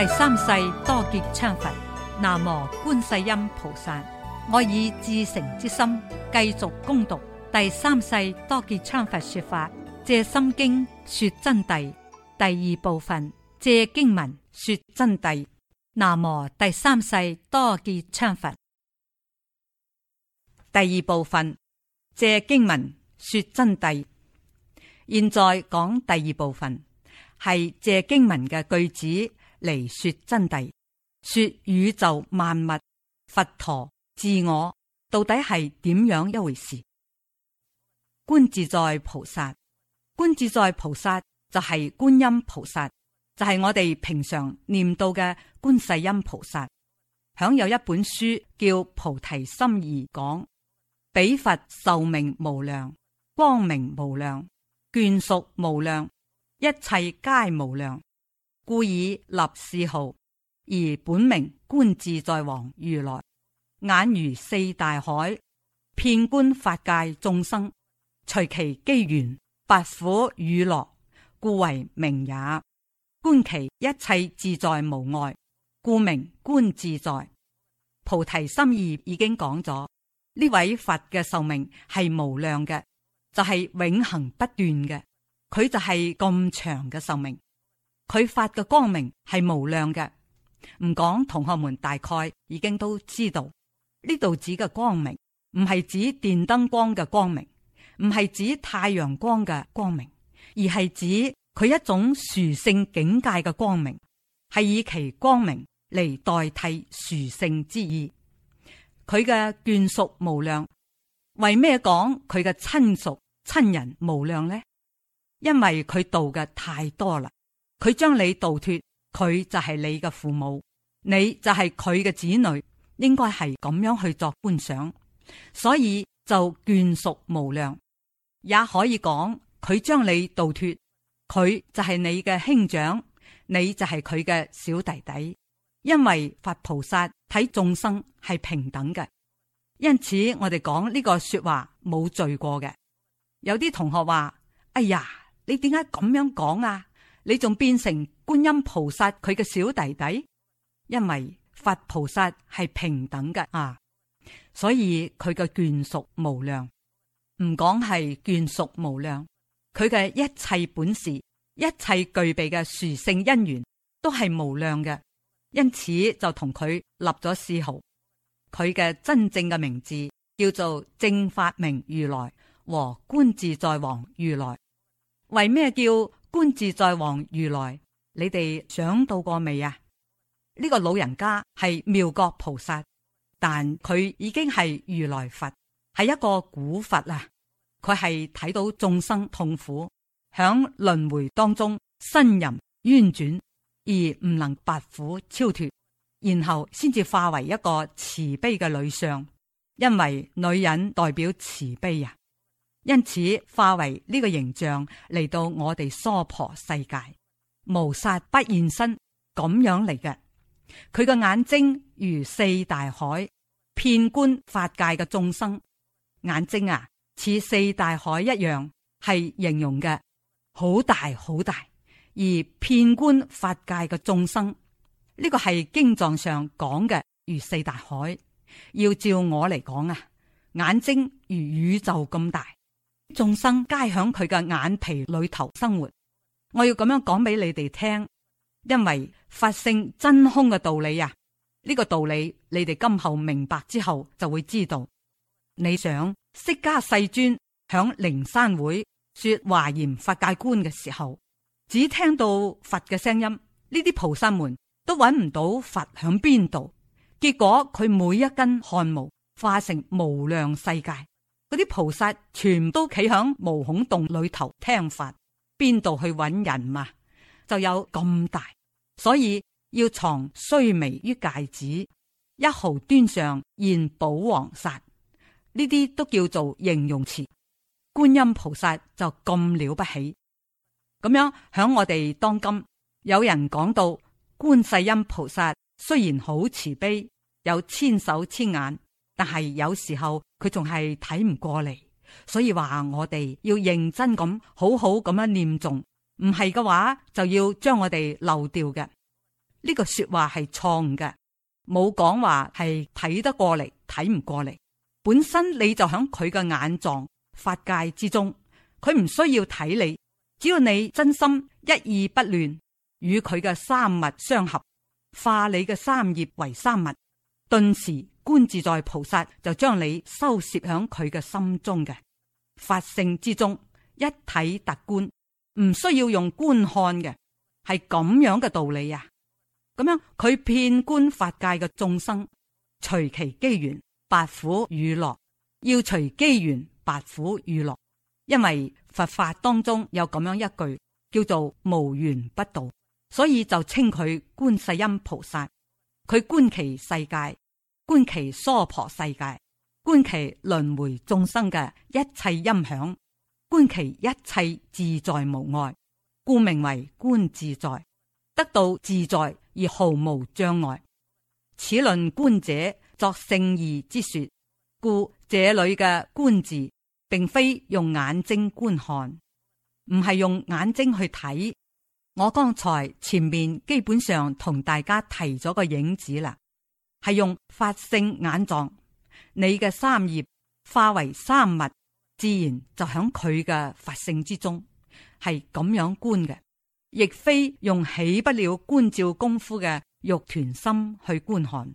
第三世多杰羌佛，南無觀世音菩薩。我以至誠之心繼續攻讀第三世多杰羌佛說法，借心經說真諦第二部分，借經文說真諦。南無第三世多杰羌佛第二部分，借經文說真諦。現在講第二部分，係借經文嘅句子。嚟說真諦，說宇宙萬物、佛陀、自我到底係點樣一回事？觀自在菩薩，觀自在菩薩就係觀音菩薩，就係、是、我哋平常念到嘅觀世音菩薩。響有一本書叫《菩提心義講》，彼佛壽命無量，光明無量，眷屬無量，一切皆無量。故以立是號，而本名觀自在王如來，眼如四大海，遍觀法界眾生，隨其機緣，拔苦與樂，故為名也。觀其一切自在無礙，故名觀自在。菩提心意已經講咗，呢位佛嘅壽命係無量嘅，就係、是、永恆不斷嘅，佢就係咁長嘅壽命。佢發嘅光明係無量嘅，唔講同學們大概已經都知道，呢度指嘅光明唔係指電燈光嘅光明，唔係指太陽光嘅光明，而係指佢一種殊性境界嘅光明，係以其光明嚟代替殊性之意。佢嘅眷屬無量，為咩講佢嘅親屬親人無量呢？因為佢度嘅太多啦。佢將你度脫，佢就係你嘅父母，你就係佢嘅子女，應該係咁樣去作觀想，所以就眷屬無量。也可以講，佢將你度脫，佢就係你嘅兄長，你就係佢嘅小弟弟。因為佛菩薩睇眾生係平等嘅，因此我哋講呢個說話冇罪過嘅。有啲同學話，哎呀，你點解咁樣講啊？你仲變成觀音菩薩佢嘅小弟弟，因為佛菩薩係平等嘅啊，所以佢嘅眷屬無量，唔講係眷屬無量，佢嘅一切本事、一切具備嘅殊勝因緣都係無量嘅，因此就同佢立咗謚號，佢嘅真正嘅名字叫做正法明如來和觀自在王如來。為咩叫？觀自在王如來，你哋想到過未啊？呢、這個老人家係妙覺菩薩，但佢已經係如來佛，係一個古佛啊！佢係睇到眾生痛苦，響輪回當中呻吟冤轉，而唔能拔苦超脫，然後先至化為一個慈悲嘅女相，因為女人代表慈悲啊。因此化為呢個形象嚟，到我哋娑婆世界，無殺不現身咁樣嚟嘅。佢個眼睛如四大海，遍觀法界嘅眾生眼睛啊，似四大海一樣，係形容嘅好大好大。而遍觀法界嘅眾生呢個係經藏上講嘅，如四大海。要照我嚟講啊，眼睛如宇宙咁大。眾生皆響佢嘅眼皮裏頭生活，我要咁樣講俾你哋聽，因為佛性真空嘅道理啊，呢個道理你哋今後明白之後就會知道。你想釋迦世尊響靈山會說華嚴法界觀嘅時候，只聽到佛嘅聲音，呢啲菩薩們都揾唔到佛響邊度，結果佢每一根汗毛化成無量世界。嗰啲菩薩全都企喺毛孔洞裏頭聽法，邊度去揾人嘛，啊？就有咁大，所以要藏須彌於芥子，一毫端上現寶王剎，呢啲都叫做形容詞。觀音菩薩就咁了不起，咁樣響我哋當今有人講到觀世音菩薩雖然好慈悲，有千手千眼。但係有時候佢仲係睇唔過嚟，所以話我哋要認真咁好好咁樣念誦，唔係嘅話就要將我哋漏掉嘅呢個說話係錯誤嘅，冇講話係睇得過嚟睇唔過嚟，本身你就響佢嘅眼狀法界之中，佢唔需要睇你，只要你真心一意不亂，與佢嘅三物相合，化你嘅三業為三物，頓時。觀自在菩薩就將你收攝喺佢嘅心中嘅法性之中，一體達觀，唔需要用觀看嘅，係咁樣嘅道理啊。咁樣佢遍觀法界嘅眾生，隨其機緣，拔苦與樂，要隨機緣拔苦與樂，因為佛法當中有咁樣一句叫做無緣不度」，所以就稱佢觀世音菩薩，佢觀其世界。觀其娑婆世界，觀其輪回眾生嘅一切音響，觀其一切自在無礙，故名為觀自在。得到自在而毫無障礙。此論觀者作聖義之說，故這裏嘅觀字，並非用眼睛觀看，唔係用眼睛去睇。我剛才前面基本上同大家提咗個影子啦。係用法性眼狀，你嘅三業化為三密，自然就喺佢嘅法性之中，係咁樣觀嘅，亦非用起不了觀照功夫嘅肉團心去觀看，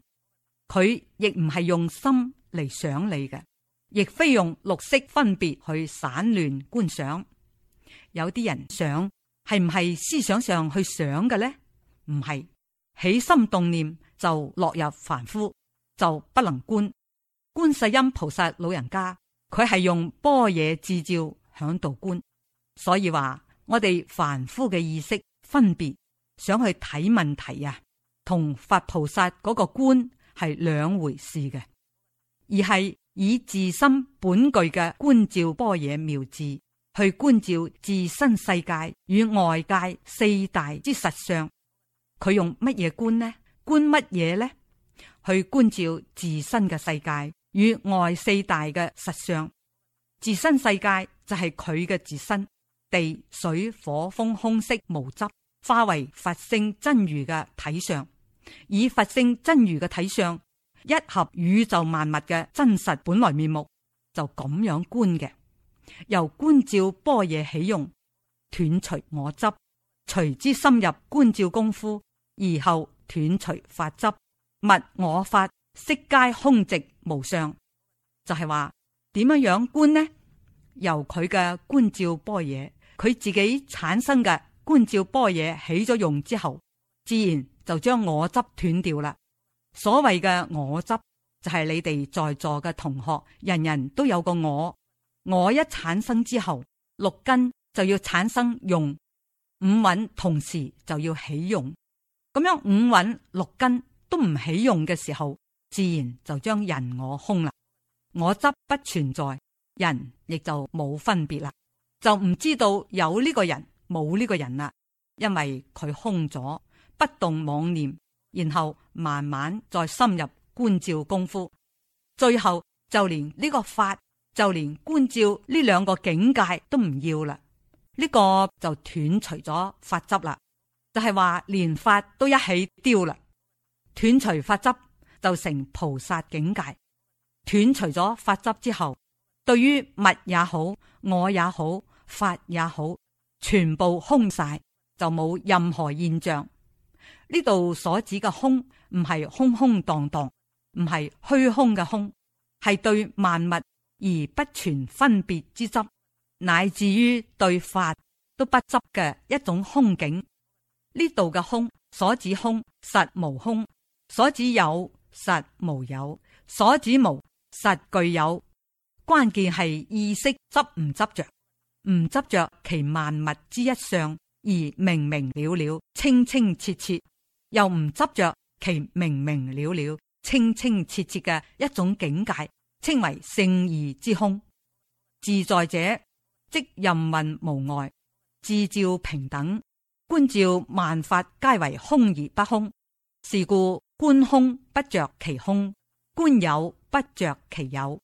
佢亦唔係用心嚟想你嘅，亦非用六識分別去散亂觀想。有啲人想係唔係思想上去想嘅咧？唔係起心動念。就落入凡夫，就不能觀。觀世音菩薩老人家，佢係用般若智照響度觀，所以話我哋凡夫嘅意識分別，想去睇問題啊，同佛菩薩嗰個觀係兩回事嘅，而係以自心本具嘅觀照般若妙智去觀照自身世界與外界四大之實相，佢用乜嘢觀呢？觀乜嘢呢？去觀照自身嘅世界與外四大嘅實相。自身世界就係佢嘅自身，地水火風空色無執，化為佛性真如嘅體相。以佛性真如嘅體相，一合宇宙萬物嘅真實本來面目，就咁樣觀嘅。由觀照般若起用，斷除我執，隨之深入觀照功夫，而後。斷除法執，物我法悉皆空寂無相，就係話點樣樣觀呢？由佢嘅觀照般若，佢自己產生嘅觀照般若起咗用之後，自然就將我執斷掉啦。所謂嘅我執，就係、是、你哋在座嘅同學，人人都有個我，我一產生之後，六根就要產生用，五蘊同時就要起用。咁樣五蘊六根都唔起用嘅時候，自然就將人我空啦。我執不存在，人亦就冇分別啦，就唔知道有呢個人，冇呢個人啦，因為佢空咗，不動妄念，然後慢慢再深入觀照功夫，最後就連呢個法，就連觀照呢兩個境界都唔要啦，呢、這個就斷除咗法執啦。就係話連法都一起丟啦，斷除法執就成菩薩境界。斷除咗法執之後，對於物也好，我也好，法也好，全部空晒，就冇任何現象。呢度所指嘅空，唔係空空蕩蕩，唔係虛空嘅空，係對萬物而不存分別之執，乃至於對法都不執嘅一種空境。呢度嘅空所指空實無空，所指有實無有，所指無實具有。關鍵係意識執唔執着，唔執着其萬物之一相而明明了了、清清切切，又唔執着其明明了了、清清切切嘅一種境界，稱為聖義之空。自在者，即任運無礙，自照平等。觀照萬法皆為空而不空，是故觀空不着其空，觀有不着其有。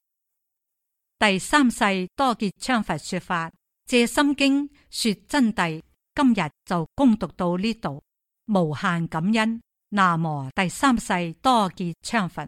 第三世多杰羌佛說法《藉心經》說真諦，今日就恭讀到呢度，無限感恩。南無第三世多杰羌佛。